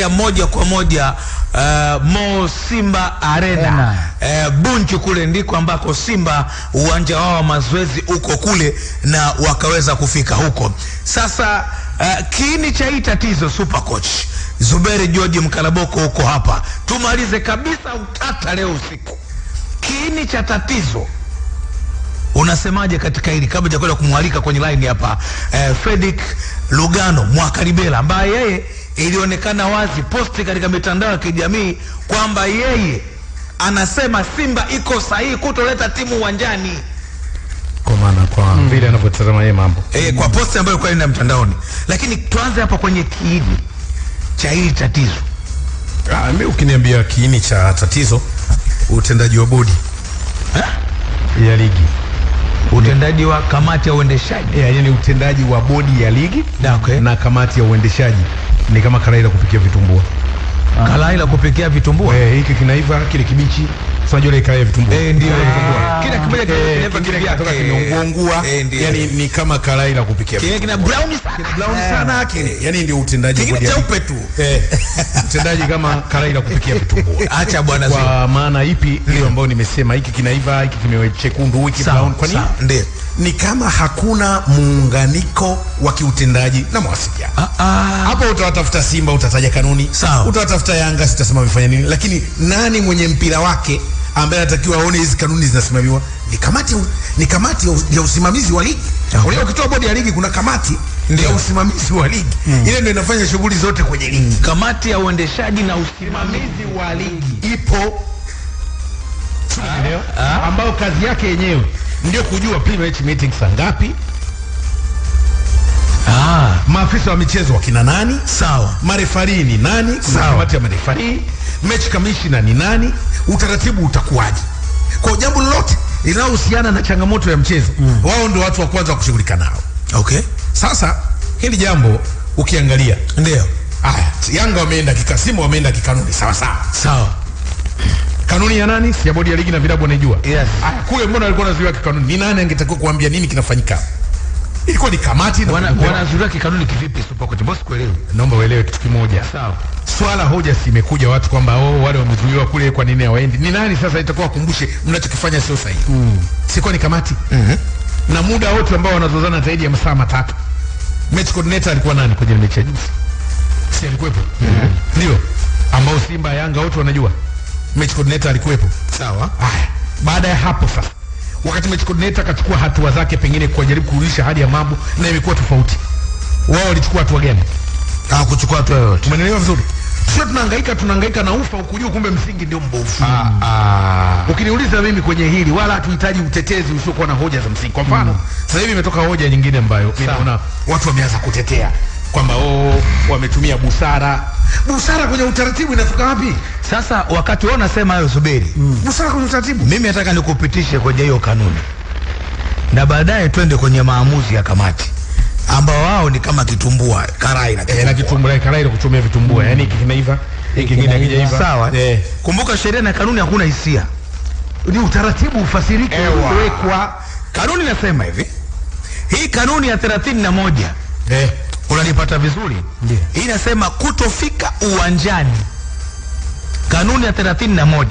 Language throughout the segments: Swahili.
ya moja kwa moja uh, Mo Simba Arena uh, Bunju kule ndiko ambako Simba uwanja wao wa mazoezi uko kule, na wakaweza kufika huko. Sasa uh, kiini cha hii tatizo super coach Zuberi George Mkalaboko huko hapa, tumalize kabisa utata leo usiku. Kiini cha tatizo unasemaje katika hili, kabla ya kwenda kumwalika kwenye line hapa uh, Fredrick Lugano Mwakalibela ambaye yeye ilionekana wazi posti katika mitandao ya kijamii kwamba yeye anasema Simba iko sahihi kutoleta timu uwanjani kwa maana kwa hmm. vile mm. anavyotazama yeye mambo e, kwa posti ambayo kwa inaenda mtandaoni. Lakini tuanze hapa kwenye kiini cha hili tatizo. Ah, mimi ukiniambia kiini cha tatizo utendaji wa bodi ya ligi utendaji wa kamati ya uendeshaji yeah, yani utendaji wa bodi ya ligi okay. na kamati ya uendeshaji ni kama karai la kupikia vitumbua. Ah. Karai la kupikia vitumbua? Eh, hiki kinaiva, kile kibichi. Unajua ile karai ya vitumbua. Eh, ndio ah. vitumbua. Kila kimoja eh, kinaiva kile kinatoka eh, kimeungua. Eh, yaani ni kama karai la kupikia. Kile kina brown Brown sana kile. Yaani ndio utendaji bodi. Kile cheupe tu. Eh. Utendaji kama karai la kupikia vitumbua. Acha bwana zio. Kwa maana ipi hiyo ambayo nimesema hiki kinaiva, hiki kimewe chekundu, hiki brown. Kwa nini? Ndio ni kama hakuna muunganiko wa kiutendaji na mawasiliano ah, ah. hapo. Utawatafuta Simba utataja kanuni utawatafuta Yanga sitasema vifanya nini, lakini nani mwenye mpira wake ambaye anatakiwa aone hizi kanuni zinasimamiwa? Ni kamati, ni kamati ya usimamizi wa ligi. Leo ukitoa bodi ya ligi kuna kamati ya usimamizi wa ligi mm. Ile ndio inafanya shughuli zote kwenye ligi. Hmm. Kamati ya uendeshaji na usimamizi wa ligi ipo ah, ah, ambayo kazi yake yenyewe ndio kujua pre-match meeting saa ngapi. Ah, maafisa wa michezo wakina nani? Sawa. Marefari ni nani? Sawa. Kamati ya marefari, match kamishina ni nani? Utaratibu utakuwaje? Kwa jambo lolote linalohusiana na changamoto ya mchezo mm, wao ndio watu wa kwanza kushughulika nao. Okay. Sasa hili jambo ukiangalia, ndio Yanga wameenda kikasimu, wameenda kikanuni. Sawa sawa. Sawa. Kanuni ya nani? Si ya bodi ya ligi na vilabu wanaijua. Yes. Ah, kule mbona alikuwa anazuiwa kikanuni? Ni nani angetakiwa kuambia nini kinafanyika? Ilikuwa ni kamati na wana, wanazuia kikanuni kivipi? Sio kwa Boss, kuelewi. Naomba uelewe kitu kimoja. Sawa. Swala hoja si imekuja watu kwamba oh, wale wamezuiwa kule, kwa nini hawaendi? Ni nani sasa itakuwa akumbushe mnachokifanya sio sahihi? Mm. Sikuwa ni kamati. Mm -hmm. Na muda wote ambao wanazozana zaidi ya masaa matatu. Match coordinator alikuwa nani kwenye mechi ya juzi? Si alikuwepo? Mm -hmm. Ndio. Ambao Simba Yanga wote wanajua. Mechi coordinator alikuwepo, sawa. Haya, baada ya hapo sasa, wakati mechi coordinator akachukua hatua zake, pengine kujaribu kurudisha hali ya mambo, na imekuwa tofauti. Wao walichukua hatua gani? kuchukua hatua yoyote. Umeelewa vizuri? Sio tunahangaika tunahangaika na ufa ukujua, kumbe msingi ndio mbovu. Ah, ah. Ukiniuliza mimi kwenye hili, wala hatuhitaji utetezi usiokuwa na hoja za msingi. Kwa mfano, mm. Sasa hivi imetoka hoja nyingine ambayo mimi naona watu wameanza kutetea kwamba oo, oh, wametumia busara. Busara kwenye utaratibu inafika wapi? Sasa wakati wao nasema hayo, subiri mm. busara kwenye utaratibu. Mimi nataka nikupitishe kwenye hiyo kanuni na baadaye twende kwenye maamuzi ya kamati ambao wao ni kama kitumbua karai na kitumbua, eh, e, na kitumbua eh, karai na kuchomea vitumbua mm. yani hiki kinaiva hiki kingine kijaiva Sawa e. Kumbuka sheria na kanuni hakuna hisia, ni utaratibu ufasirike uwekwa. Kanuni nasema hivi, hii kanuni ya 31 eh unanipata vizuri? yeah. Hii inasema kutofika uwanjani, kanuni ya 31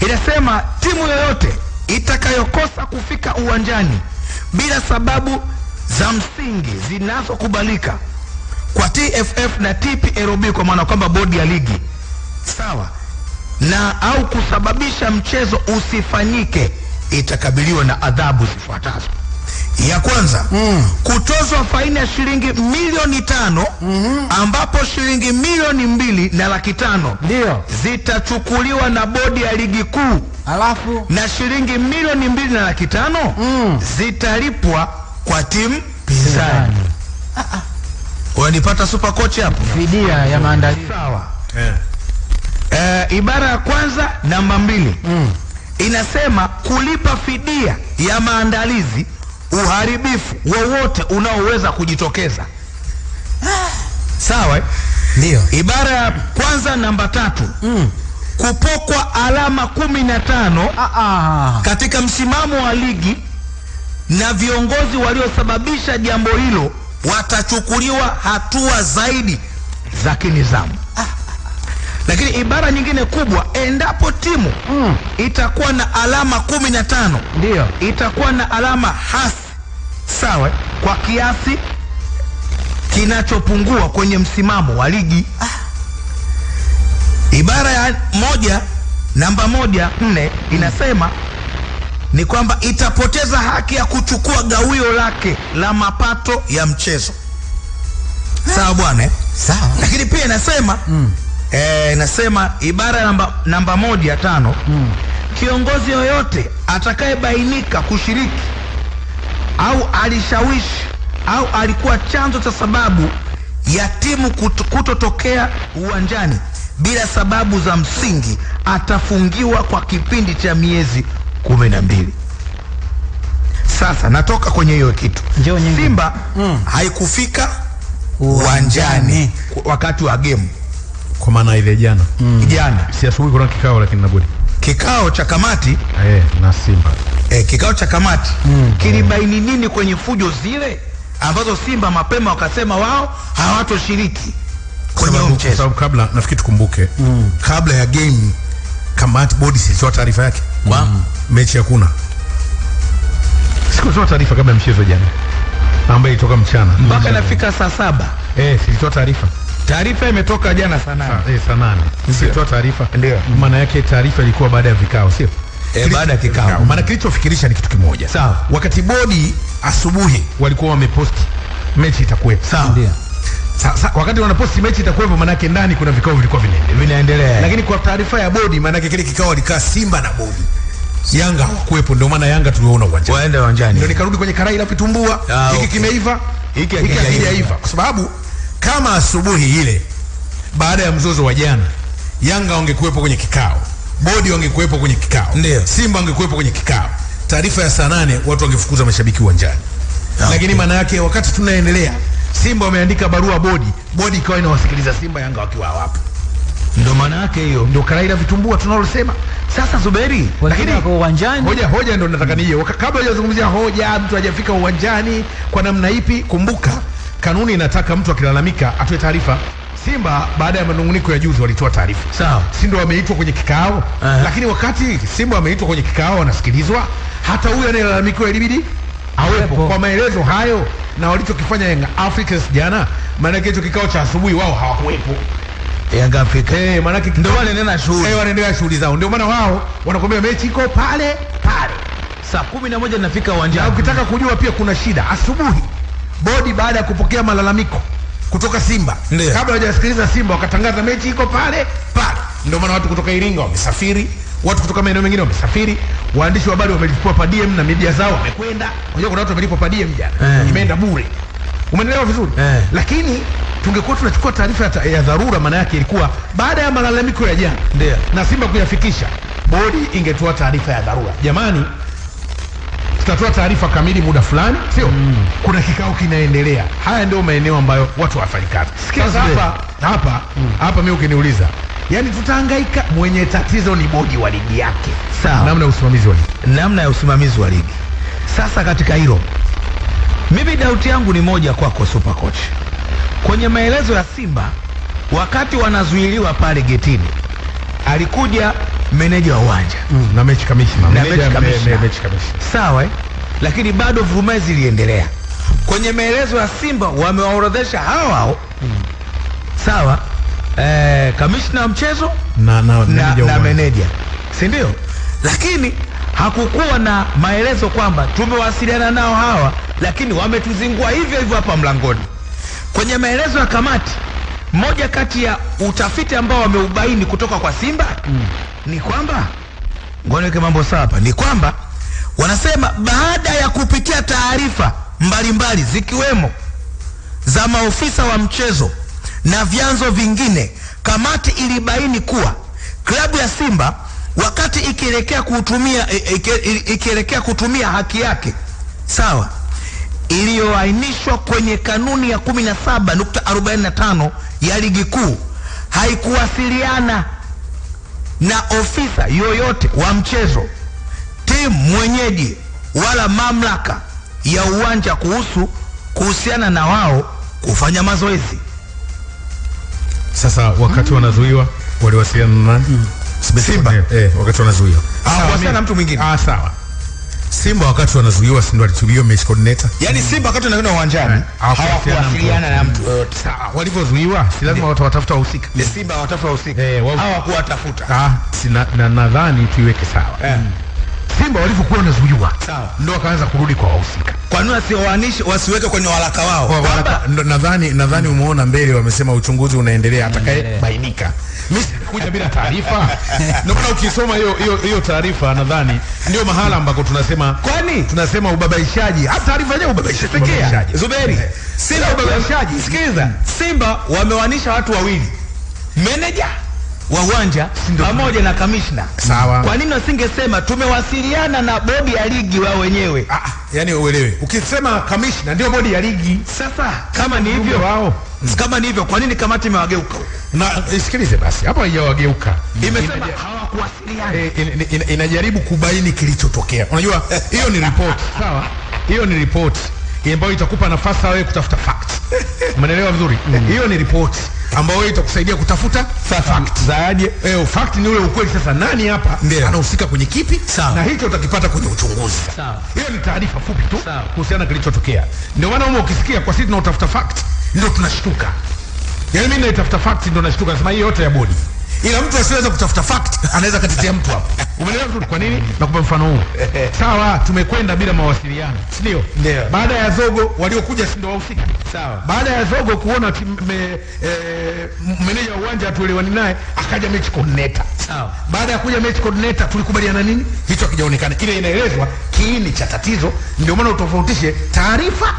inasema timu yoyote itakayokosa kufika uwanjani bila sababu za msingi zinazokubalika kwa TFF na TPLB, kwa maana kwamba bodi ya ligi sawa na au kusababisha mchezo usifanyike, itakabiliwa na adhabu zifuatazo ya kwanza mm. kutozwa faini ya shilingi milioni tano mm -hmm. ambapo shilingi milioni mbili na laki tano ndio zitachukuliwa na bodi ya ligi kuu, alafu na shilingi milioni mbili na laki tano mm. zitalipwa kwa timu pinzani. Ah, ah. Wanipata super coach hapo, fidia ya maandalizi sawa. yeah. Uh, eh, ibara ya kwanza namba mbili mm. inasema kulipa fidia ya maandalizi uharibifu wowote unaoweza kujitokeza. Sawa, ndio ibara ya kwanza namba tatu. Mm. Kupokwa alama kumi na tano ah, ah. katika msimamo wa ligi na viongozi waliosababisha jambo hilo watachukuliwa hatua zaidi za kinizamu. Ah. Lakini ibara nyingine kubwa, endapo timu mm. itakuwa na alama kumi na tano ndio itakuwa na alama hasi sawa kwa kiasi kinachopungua kwenye msimamo wa ligi. Ah. Ibara ya moja namba moja nne inasema ni kwamba itapoteza haki ya kuchukua gawio lake la mapato ya mchezo. Ah. Sawa bwana, eh? sawa. Lakini pia inasema mm eh, inasema ibara namba, namba moja tano mm. Kiongozi yoyote atakayebainika kushiriki au alishawishi au alikuwa chanzo cha sababu ya timu kutotokea uwanjani bila sababu za msingi atafungiwa kwa kipindi cha miezi kumi na mbili. Sasa natoka kwenye hiyo kitu Simba mm. haikufika uwanjani wakati wa gemu. Kwa maana ile jana mm. jana si asubuhi kuna kikao lakini nabudi kikao cha kamati eh, na Simba eh, kikao cha kamati mm. kilibaini nini kwenye fujo zile ambazo Simba mapema wakasema wao hawatoshiriki kwenye mchezo, sababu kabla nafikiri tukumbuke mm. kabla ya game kamati bodi sio taarifa yake kwa mm. mechi hakuna sikutoa taarifa kabla ya mchezo jana ambaye ilitoka mchana mpaka mm. nafika saa saba eh silitoa taarifa Taarifa imetoka jana sana sana, eh, nisitoa taarifa ndio maana yake. Taarifa ilikuwa baada ya vikao, sio E, baada ya kikao, maana kilichofikirisha ni kitu kimoja sawa. Wakati bodi asubuhi walikuwa wameposti mechi itakuwepo, sawa sasa wakati wanaposti mechi itakuwepo, manake ndani kuna vikao vilikuwa vinaendelea, vinaendelea, lakini kwa taarifa ya bodi, manake kile kikao walikaa Simba na bodi Yanga hawakuwepo, ndio maana Yanga tuliona uwanjani, waenda uwanjani, ndio nikarudi kwenye karai la vitumbua, ah, hiki kimeiva, hiki hakijaiva, kwa sababu kama asubuhi ile baada ya mzozo wa jana Yanga wangekuwepo kwenye kikao, bodi wangekuwepo kwenye kikao, ndio Simba wangekuwepo kwenye kikao, taarifa ya saa nane watu wangefukuza mashabiki uwanjani. Ah, okay. Lakini maana yake wakati tunaendelea Simba wameandika barua bodi, bodi ikawa inawasikiliza Simba Yanga wakiwa hawapo. Ndio maana yake hiyo, ndio karai la vitumbua tunalosema sasa. Zuberi, lakini uwanjani, hoja hoja ndio nataka nije, kabla hujazungumzia hoja, mtu hajafika uwanjani kwa namna ipi, kumbuka Kanuni inataka mtu akilalamika atoe taarifa. Simba baada ya manunguniko ya juzi walitoa taarifa, sawa, si ndio? Wameitwa kwenye kikao uh -huh. Lakini wakati Simba wameitwa kwenye kikao, wanasikilizwa, hata huyo anayelalamikiwa ilibidi awepo kwa maelezo hayo na walichokifanya Yanga Africans jana, maanake hicho kikao cha asubuhi wao hawakuwepo. Yanga Africans eh, maanake ndio wanaendelea shughuli eh, wanaendelea shughuli zao, ndio maana wao wanakuambia mechi iko pale pale saa 11 inafika uwanjani. Ukitaka kujua pia kuna shida asubuhi bodi baada ya kupokea malalamiko kutoka Simba Ndia. Kabla hawajasikiliza Simba wakatangaza mechi iko pale pale. Ndio maana watu kutoka Iringa wamesafiri, watu kutoka maeneo mengine wamesafiri, waandishi wa habari wamelipwa pa DM na media zao wamekwenda. Unajua kuna watu wamelipwa pa DM jana, eh. Imeenda bure. Umeelewa vizuri? Eh. Lakini tungekuwa tunachukua taarifa ya, ta ya dharura, maana yake ilikuwa baada ya malalamiko ya jana na Simba kuyafikisha bodi ingetoa taarifa ya dharura, jamani tutatoa taarifa kamili muda fulani, sio mm. Kuna kikao kinaendelea. Haya ndio maeneo ambayo watu hawafanyi kazi. Sasa hapa hapa mm. hapa mimi ukiniuliza Yaani tutahangaika. Mwenye tatizo ni bodi wa ligi yake, sawa, namna ya usimamizi wa ligi, namna ya usimamizi wa ligi. Sasa katika hilo mimi dauti yangu ni moja kwako, super coach, kwenye maelezo ya Simba wakati wanazuiliwa pale getini, alikuja meneja wa uwanja mm, na mechi kamishna na mechi kamishna me, sawa, eh? lakini bado vurumaa ziliendelea. Kwenye maelezo ya Simba wamewaorodhesha hao hao mm, sawa eh, kamishna wa mchezo na, na, na, na meneja, si ndio? Lakini hakukuwa na maelezo kwamba tumewasiliana nao hawa, lakini wametuzingua hivyo hivyo hapa mlangoni. Kwenye maelezo ya kamati, moja kati ya utafiti ambao wameubaini kutoka kwa Simba mm ni kwamba ngoja mambo sawa hapa, ni kwamba wanasema baada ya kupitia taarifa mbalimbali zikiwemo za maofisa wa mchezo na vyanzo vingine, kamati ilibaini kuwa klabu ya Simba wakati ikielekea kutumia, ikielekea kutumia haki yake sawa iliyoainishwa kwenye kanuni ya 17.45 ya ligi kuu haikuwasiliana na ofisa yoyote wa mchezo, timu mwenyeji wala mamlaka ya uwanja kuhusu kuhusiana na wao kufanya mazoezi. Sasa wakati wanazuiwa waliwasiliana na nani? Hmm. Simba. Eh, wakati wanazuiwa. Ah, na mtu mwingine. Ah, sawa. Simba wakati wanazuiwa si ndio alichukuliwa mechi coordinator? Yaani Simba wakati wanakwenda uwanjani eh, hawakuwasiliana na mtu yote. Sawa, walivyozuiwa si lazima watu watafuta wahusika. Ni Simba watafuta wahusika. Eh, Hawakuwatafuta. Ah, na nadhani tuiweke sawa. Mm. Simba walivyokuwa wanazuiwa ndo wakaanza kurudi kwa wahusika. Kwa nini wasiwaanishi wasiweke kwenye waraka wao? Waraka nadhani nadhani umeona mbele wamesema uchunguzi unaendelea atakayebainika. Mimi sikuja bila taarifa. Ndio maana ukisoma hiyo hiyo hiyo taarifa nadhani ndio mahala ambako tunasema kwani tunasema ubabaishaji. Hata taarifa yenyewe ubabaishaji. Sikia Zuberi. Simba ubabaishaji. Sikiliza. Simba wamewanisha watu wawili. Manager wa uwanja pamoja na kamishna. Sawa. Kwa nini wasingesema tumewasiliana na bodi ya ligi wao wenyewe? Ah, ah, yani uelewe. Ukisema kamishna ndio bodi ya ligi. Sasa kama ni hivyo wao. Mm. Kama ni hivyo kwa nini kamati imewageuka? Na isikilize basi. Hapo haijawageuka. Mm. Imesema hawakuwasiliana. E, eh, in, in, in, inajaribu kubaini kilichotokea. Unajua hiyo ni report. Sawa. Hiyo ni report ambayo itakupa nafasi wewe kutafuta facts. Umeelewa vizuri? Mm. Hiyo mm. ni report ambao wewe itakusaidia kutafuta fact. Zaaje? Eh, fact ni ule ukweli. Sasa nani hapa anahusika kwenye kipi? Sao. Na hicho utakipata kwenye uchunguzi. Sawa. Hiyo ni taarifa fupi tu kuhusiana kilichotokea. Ndio maana umo ukisikia kwa sisi tunaotafuta fact ndio tunashtuka. Yaani mimi naitafuta fact ndio nashtuka, nasema hii yote ya bodi ila mtu asiweza kutafuta fact anaweza katetea mtu hapo. Umeelewa vizuri? Kwa nini nakupa mfano huu? Sawa, tumekwenda bila mawasiliano, si ndio? Baada ya zogo waliokuja, si ndio wahusika? Sawa. Baada ya zogo kuona eh, meneja wa uwanja hatuelewani naye, akaja match coordinator. Sawa. Baada ya kuja match coordinator tulikubaliana nini? Hicho hakijaonekana. Ile inaelezwa kiini cha tatizo, ndio maana utofautishe taarifa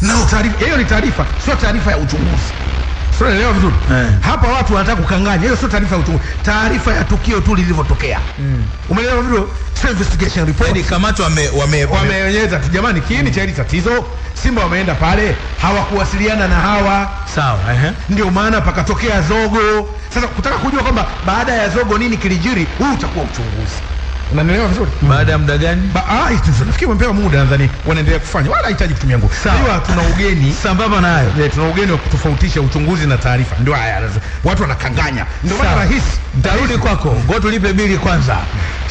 na taarifa. Hiyo ni taarifa, sio taarifa ya uchunguzi. Unaelewa vizuri eh? Hapa watu wanataka kukanganya, hiyo sio taarifa ya uchunguzi, taarifa ya tukio tu lilivyotokea. Mm. Umeelewa vizuri? Sio investigation report. Ni yaani kamati wame wameonyesha tu, jamani, kiini cha hili tatizo, Simba wameenda pale hawakuwasiliana na hawa. Sawa, eh, ndio maana pakatokea zogo. Sasa kutaka kujua kwamba baada ya zogo nini kilijiri, huu utakuwa uchunguzi Unanielewa vizuri? Baada ya muda gani? Ba ah, nafikiri wamepewa muda nadhani wanaendelea kufanya. Wala hahitaji kutumia nguvu. Sawa, tuna ugeni sambamba nayo. Yeah, tuna ugeni wa kutofautisha uchunguzi na taarifa. Ndio haya. Watu wanakanganya. Ndio maana rahisi. Ntarudi kwako. Ngoja tulipe bili kwanza.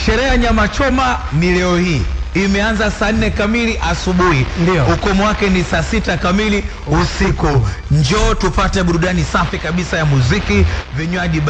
Sherehe ya nyama choma ni leo hii imeanza saa nne kamili asubuhi. Ndio. Ukomo wake ni saa sita kamili usiku. Njoo tupate burudani safi kabisa ya muziki, vinywaji